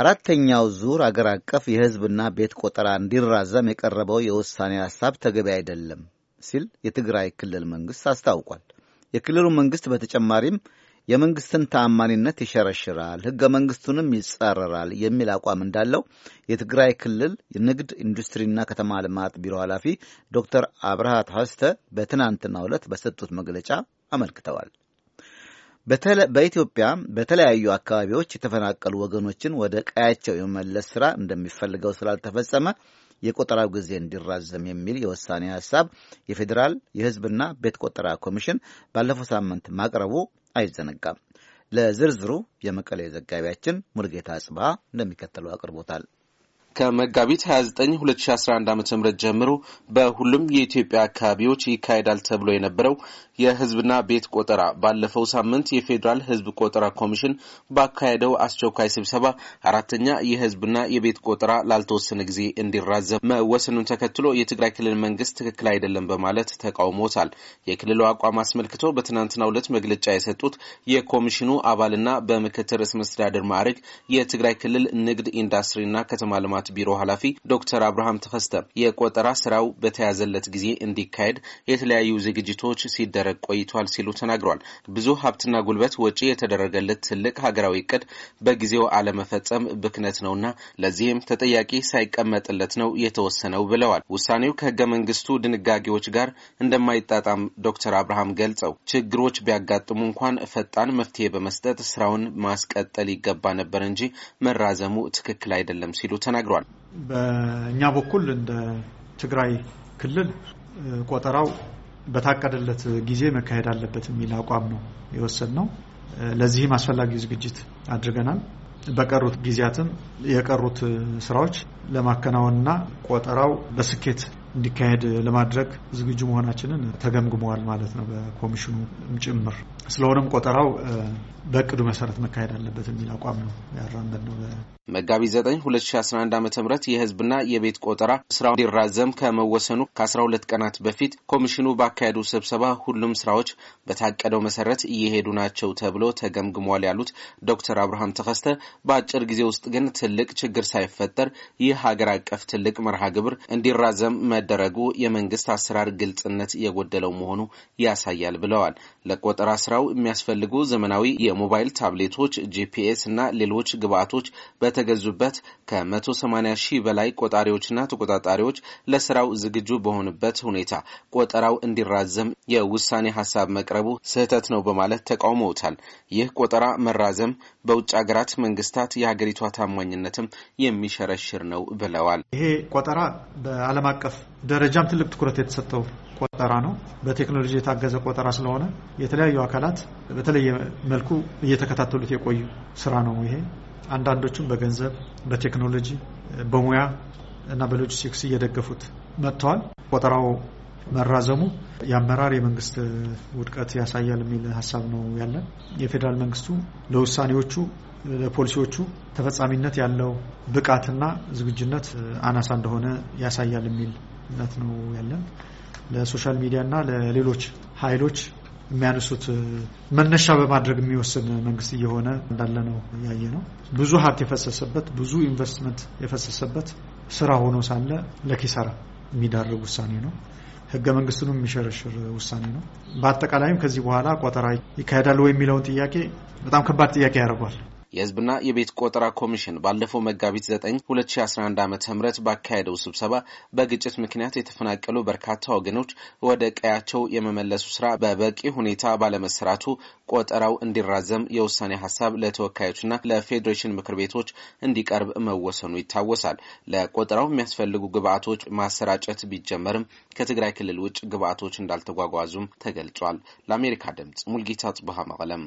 አራተኛው ዙር አገር አቀፍ የሕዝብና ቤት ቆጠራ እንዲራዘም የቀረበው የውሳኔ ሐሳብ ተገቢ አይደለም ሲል የትግራይ ክልል መንግሥት አስታውቋል። የክልሉ መንግሥት በተጨማሪም የመንግስትን ተአማኒነት ይሸረሽራል፣ ሕገ መንግስቱንም ይጻረራል የሚል አቋም እንዳለው የትግራይ ክልል የንግድ ኢንዱስትሪና ከተማ ልማት ቢሮ ኃላፊ ዶክተር አብርሃት ሀስተ በትናንትናው ዕለት በሰጡት መግለጫ አመልክተዋል። በኢትዮጵያ በተለያዩ አካባቢዎች የተፈናቀሉ ወገኖችን ወደ ቀያቸው የመመለስ ስራ እንደሚፈልገው ስላልተፈጸመ የቆጠራው ጊዜ እንዲራዘም የሚል የውሳኔ ሀሳብ የፌዴራል የሕዝብና ቤት ቆጠራ ኮሚሽን ባለፈው ሳምንት ማቅረቡ አይዘነጋም። ለዝርዝሩ የመቀሌ ዘጋቢያችን ሙልጌታ ጽባ እንደሚከተለው አቅርቦታል። ከመጋቢት 29 2011 ዓ ም ጀምሮ በሁሉም የኢትዮጵያ አካባቢዎች ይካሄዳል ተብሎ የነበረው የህዝብና ቤት ቆጠራ ባለፈው ሳምንት የፌዴራል ህዝብ ቆጠራ ኮሚሽን ባካሄደው አስቸኳይ ስብሰባ አራተኛ የህዝብና የቤት ቆጠራ ላልተወሰነ ጊዜ እንዲራዘም መወሰኑን ተከትሎ የትግራይ ክልል መንግስት ትክክል አይደለም በማለት ተቃውሞታል። የክልሉ አቋም አስመልክቶ በትናንትናው ዕለት መግለጫ የሰጡት የኮሚሽኑ አባልና በምክትል ርዕሰ መስተዳድር ማዕረግ የትግራይ ክልል ንግድ ኢንዱስትሪና ከተማ ልማት ቢሮ ኃላፊ ዶክተር አብርሃም ተፈስተ የቆጠራ ስራው በተያዘለት ጊዜ እንዲካሄድ የተለያዩ ዝግጅቶች ሲደረግ ቆይቷል ሲሉ ተናግሯል። ብዙ ሀብትና ጉልበት ወጪ የተደረገለት ትልቅ ሀገራዊ እቅድ በጊዜው አለመፈጸም ብክነት ነውና ለዚህም ተጠያቂ ሳይቀመጥለት ነው የተወሰነው ብለዋል። ውሳኔው ከህገ መንግስቱ ድንጋጌዎች ጋር እንደማይጣጣም ዶክተር አብርሃም ገልጸው ችግሮች ቢያጋጥሙ እንኳን ፈጣን መፍትሄ በመስጠት ስራውን ማስቀጠል ይገባ ነበር እንጂ መራዘሙ ትክክል አይደለም ሲሉ ተናግሯል። በእኛ በኩል እንደ ትግራይ ክልል ቆጠራው በታቀደለት ጊዜ መካሄድ አለበት የሚል አቋም ነው የወሰድ ነው። ለዚህም አስፈላጊ ዝግጅት አድርገናል። በቀሩት ጊዜያትም የቀሩት ስራዎች ለማከናወንና ቆጠራው በስኬት እንዲካሄድ ለማድረግ ዝግጁ መሆናችንን ተገምግመዋል ማለት ነው በኮሚሽኑ ጭምር። ስለሆነም ቆጠራው በእቅዱ መሰረት መካሄድ አለበት የሚል አቋም ነው ያራምበን መጋቢ 9 2011 ዓ ም የህዝብና የቤት ቆጠራ ስራው እንዲራዘም ከመወሰኑ ከ12 ቀናት በፊት ኮሚሽኑ ባካሄዱ ስብሰባ ሁሉም ስራዎች በታቀደው መሰረት እየሄዱ ናቸው ተብሎ ተገምግሟል ያሉት ዶክተር አብርሃም ተከስተ በአጭር ጊዜ ውስጥ ግን ትልቅ ችግር ሳይፈጠር ይህ ሀገር አቀፍ ትልቅ መርሃ ግብር እንዲራዘም መደረጉ የመንግስት አሰራር ግልጽነት የጎደለው መሆኑ ያሳያል ብለዋል። ለቆጠራ ለስራው የሚያስፈልጉ ዘመናዊ የሞባይል ታብሌቶች፣ ጂፒኤስ እና ሌሎች ግብአቶች በተገዙበት ከ180 ሺህ በላይ ቆጣሪዎችና ተቆጣጣሪዎች ለስራው ዝግጁ በሆኑበት ሁኔታ ቆጠራው እንዲራዘም የውሳኔ ሀሳብ መቅረቡ ስህተት ነው በማለት ተቃውመውታል። ይህ ቆጠራ መራዘም በውጭ ሀገራት መንግስታት የሀገሪቷ ታማኝነትም የሚሸረሽር ነው ብለዋል። ይሄ ቆጠራ በዓለም አቀፍ ደረጃም ትልቅ ትኩረት የተሰጠው ቆጠራ ነው። በቴክኖሎጂ የታገዘ ቆጠራ ስለሆነ የተለያዩ አካላት በተለየ መልኩ እየተከታተሉት የቆዩ ስራ ነው ይሄ። አንዳንዶቹም በገንዘብ፣ በቴክኖሎጂ፣ በሙያ እና በሎጂስቲክስ እየደገፉት መጥተዋል። ቆጠራው መራዘሙ የአመራር የመንግስት ውድቀት ያሳያል የሚል ሀሳብ ነው ያለን። የፌዴራል መንግስቱ ለውሳኔዎቹ ለፖሊሲዎቹ ተፈጻሚነት ያለው ብቃትና ዝግጁነት አናሳ እንደሆነ ያሳያል የሚል ነት ነው ያለን ለሶሻል ሚዲያ እና ለሌሎች ኃይሎች የሚያነሱት መነሻ በማድረግ የሚወስን መንግስት እየሆነ እንዳለ ነው ያየ ነው። ብዙ ሀብት የፈሰሰበት ብዙ ኢንቨስትመንት የፈሰሰበት ስራ ሆኖ ሳለ ለኪሳራ የሚዳርግ ውሳኔ ነው። ህገ መንግስቱንም የሚሸረሽር ውሳኔ ነው። በአጠቃላይም ከዚህ በኋላ ቆጠራ ይካሄዳል ወይ የሚለውን ጥያቄ በጣም ከባድ ጥያቄ ያደርጓል። የህዝብና የቤት ቆጠራ ኮሚሽን ባለፈው መጋቢት 9 2011 ዓ ም ባካሄደው ስብሰባ በግጭት ምክንያት የተፈናቀሉ በርካታ ወገኖች ወደ ቀያቸው የመመለሱ ስራ በበቂ ሁኔታ ባለመሰራቱ ቆጠራው እንዲራዘም የውሳኔ ሀሳብ ለተወካዮችና ለፌዴሬሽን ምክር ቤቶች እንዲቀርብ መወሰኑ ይታወሳል። ለቆጠራው የሚያስፈልጉ ግብአቶች ማሰራጨት ቢጀመርም ከትግራይ ክልል ውጭ ግብአቶች እንዳልተጓጓዙም ተገልጿል። ለአሜሪካ ድምጽ ሙልጌታ ጽቡሃ መቀለም